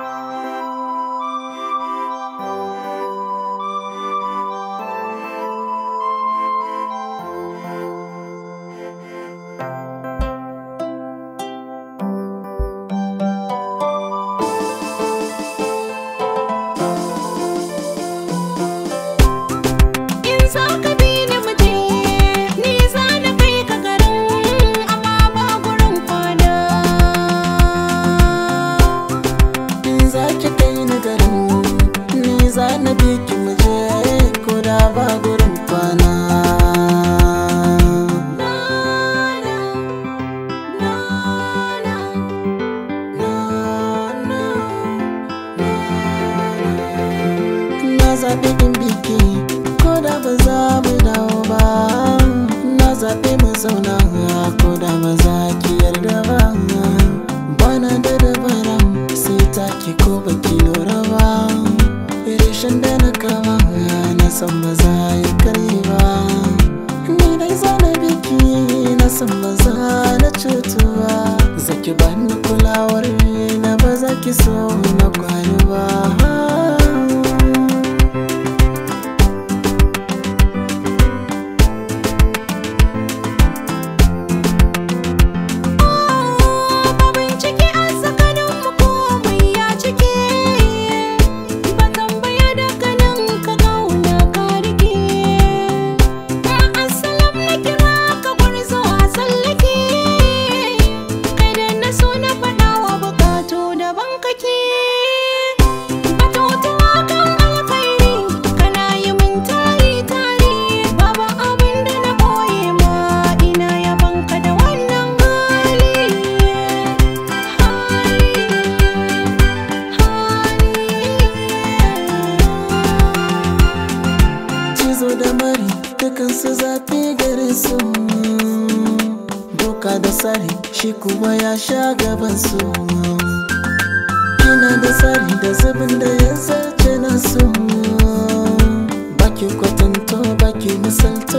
Música sani biki muje ko da ba gurin kwana Na zaɓi in biki ko da ba za mu dawo ba Na zaɓi mu zauna ko da ba za ki yarda ba ba za yi kare ba ni dai zana biki na san ba za na cutu ba zaki bani kulawar na ba za so na kwani ba da mari dukansu zafi gare su doka da tsari shi kuma ya sha gaban su kina da tsari da zubin da ya zarce na su baki kwatanto baki misalta